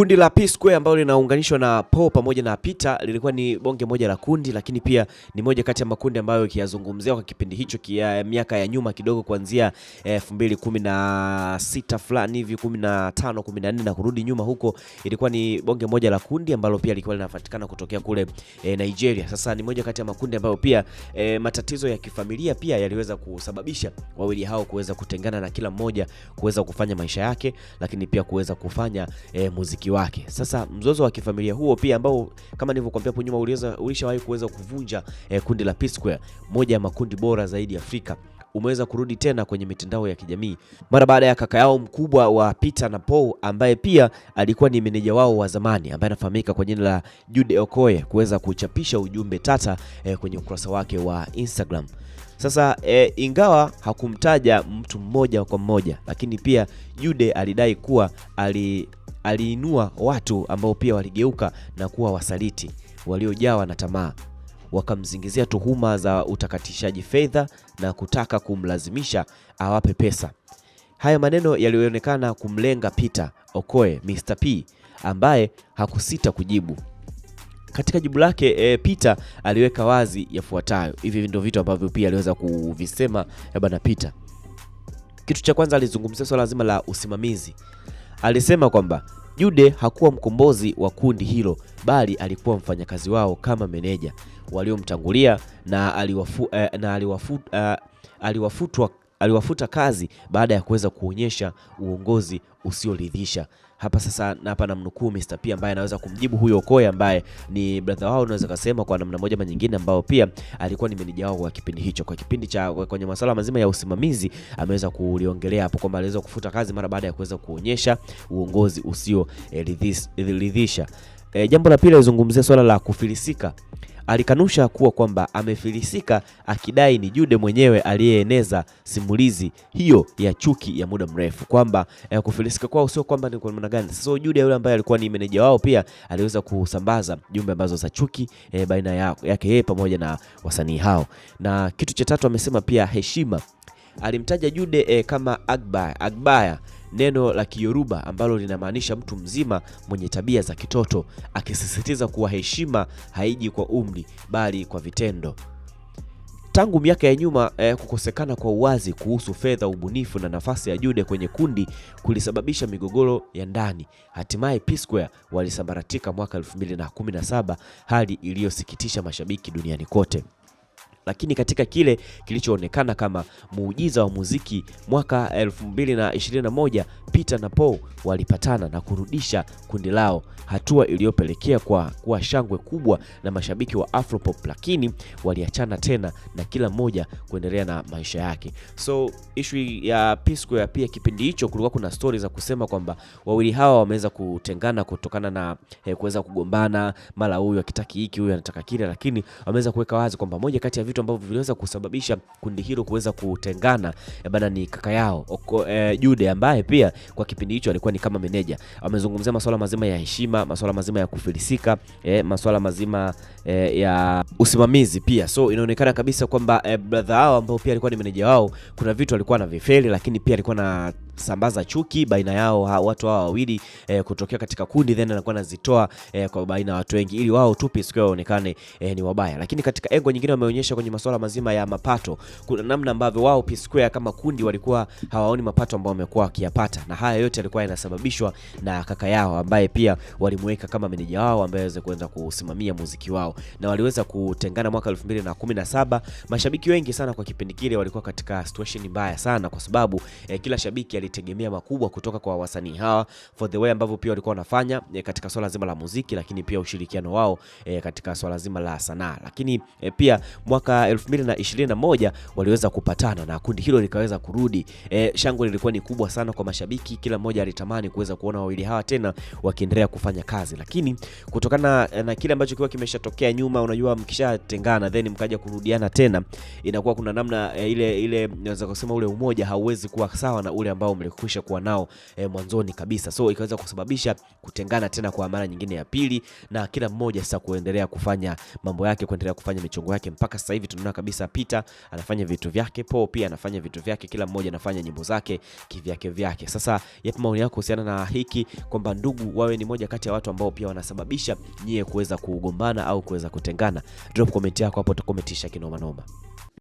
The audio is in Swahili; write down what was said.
Kundi la P Square ambalo linaunganishwa na Po pamoja na Peter lilikuwa ni bonge moja la kundi, lakini pia ni moja kati ya makundi ambayo ikiyazungumzia kwa kipindi hicho kia miaka ya nyuma kidogo, kuanzia 2016 eh, fulani hivi 15 14 na kurudi nyuma huko, ilikuwa ni bonge moja la kundi ambalo pia lilikuwa linapatikana kutokea kule e, Nigeria. Sasa ni moja kati ya makundi ambayo pia e, matatizo ya kifamilia pia yaliweza kusababisha wawili hao kuweza kutengana na kila mmoja kuweza kufanya maisha yake, lakini pia kuweza kufanya e, muziki mke wake. Sasa mzozo wa kifamilia huo pia ambao kama nilivyokuambia hapo nyuma ulishawahi kuweza kuvunja eh, kundi la P Square, moja ya makundi bora zaidi Afrika umeweza kurudi tena kwenye mitandao ya kijamii mara baada ya kaka yao mkubwa wa Peter na Paul ambaye pia alikuwa ni meneja wao wa zamani ambaye anafahamika kwa jina la Jude Okoye kuweza kuchapisha ujumbe tata eh, kwenye ukurasa wake wa Instagram. Sasa eh, ingawa hakumtaja mtu mmoja kwa mmoja, lakini pia Jude alidai kuwa ali aliinua watu ambao pia waligeuka na kuwa wasaliti waliojawa na tamaa, wakamzingizia tuhuma za utakatishaji fedha na kutaka kumlazimisha awape pesa. Haya maneno yalionekana kumlenga Peter Okoye, Mr P, ambaye hakusita kujibu. Katika jibu lake e, Peter aliweka wazi yafuatayo. Hivi ndio vitu ambavyo pia aliweza kuvisema e, bwana Peter. Kitu cha kwanza alizungumzia swala zima la usimamizi. Alisema kwamba Jude hakuwa mkombozi wa kundi hilo bali alikuwa mfanyakazi wao kama meneja waliomtangulia na aliwafu, eh, na aliwafu, eh, aliwafutwa aliwafuta kazi baada ya kuweza kuonyesha uongozi usioridhisha hapa sasa hapa namnukuu Mr P ambaye anaweza kumjibu huyo Okoye ambaye ni brother wao, unaweza kusema kwa namna moja ama nyingine, ambao pia alikuwa ni meneja wao kwa kipindi hicho, kwa kipindi cha kwenye masuala mazima ya usimamizi. Ameweza kuliongelea hapo kwamba aliweza kufuta kazi mara baada ya kuweza kuonyesha uongozi usio eh, ridhisha. Eh, jambo la pili alizungumzia swala la kufilisika alikanusha kuwa kwamba amefilisika, akidai ni Jude mwenyewe aliyeeneza simulizi hiyo ya chuki ya muda mrefu, kwamba eh, kufilisika kwao sio kwamba ni kwa namna gani. Sasa Jude yule ambaye alikuwa ni meneja wao pia aliweza kusambaza jumbe ambazo za chuki eh, baina yake yake yeye pamoja na wasanii hao. Na kitu cha tatu amesema pia heshima, alimtaja Jude eh, kama Agbaya Agbaya neno la Kiyoruba ambalo linamaanisha mtu mzima mwenye tabia za kitoto, akisisitiza kuwa heshima haiji kwa umri bali kwa vitendo. Tangu miaka ya nyuma eh, kukosekana kwa uwazi kuhusu fedha, ubunifu na nafasi ya Jude kwenye kundi kulisababisha migogoro ya ndani. Hatimaye P-Square walisambaratika mwaka 2017, hali iliyosikitisha mashabiki duniani kote lakini katika kile kilichoonekana kama muujiza wa muziki mwaka 2021 Peter na Paul walipatana na kurudisha kundi lao, hatua iliyopelekea kwa kuwa shangwe kubwa na mashabiki wa Afropop, lakini waliachana tena na kila mmoja kuendelea na maisha yake. So issue ya P Square pia, kipindi hicho kulikuwa kuna stori za kusema kwamba wawili hawa wameweza kutengana kutokana na eh, kuweza kugombana, mara huyu akitaki hiki, huyu anataka kile, lakini wameweza kuweka wazi kwamba moja kati ya vitu vitu ambavyo viliweza kusababisha kundi hilo kuweza kutengana eh, bana ni kaka yao Oko, e, Jude ambaye pia kwa kipindi hicho alikuwa ni kama meneja. Amezungumzia masuala mazima ya heshima, masuala mazima ya kufilisika, e, masuala mazima e, ya usimamizi pia. So inaonekana kabisa kwamba e, brother hao ambao pia alikuwa ni meneja wao, kuna vitu alikuwa na vifeli, lakini pia alikuwa na sambaza chuki baina yao ha, watu hao wawili e, kutokea katika kundi then anakuwa anazitoa e, kwa baina ya watu wengi ili wao tupi sikuwa waonekane e, ni wabaya, lakini katika engo nyingine wameonyesha kwenye kwenye masuala mazima ya mapato, kuna namna ambavyo wao P Square kama kundi walikuwa hawaoni mapato ambayo wamekuwa wakiyapata, na haya yote yalikuwa yanasababishwa na kaka yao ambaye pia walimweka kama meneja wao ambaye aweze kuanza kusimamia muziki wao, na waliweza kutengana mwaka 2017. Mashabiki wengi sana kwa kipindi kile walikuwa katika situation mbaya sana, kwa sababu eh, kila shabiki alitegemea makubwa kutoka kwa wasanii hawa for the way ambavyo pia walikuwa wanafanya eh, katika swala zima la muziki, lakini pia ushirikiano wao eh, katika swala zima la sanaa, lakini eh, pia mwaka mwaka 2021 waliweza kupatana na kundi hilo likaweza kurudi. E, shangwe lilikuwa ni kubwa sana kwa mashabiki, kila mmoja alitamani kuweza kuona wawili hawa tena wakiendelea kufanya kazi, lakini kutokana na na kile ambacho kiwa kimeshatokea nyuma, unajua mkishatengana then mkaja kurudiana tena inakuwa kuna namna e, ile ile naweza kusema ule umoja hauwezi kuwa sawa na ule ambao mlikwisha kuwa nao e, mwanzoni kabisa, so ikaweza kusababisha kutengana tena kwa mara nyingine ya pili, na kila mmoja sasa kuendelea kufanya mambo yake, kuendelea kufanya michongo yake mpaka sasa hivi tunaona kabisa Peter anafanya vitu vyake, Paul pia anafanya vitu vyake, kila mmoja anafanya nyimbo zake kivyake vyake. Sasa yapi maoni yako kuhusiana na hiki kwamba ndugu wawe ni moja kati ya watu ambao pia wanasababisha nyie kuweza kugombana au kuweza kutengana? Drop comment yako hapo, utakometisha kinoma noma.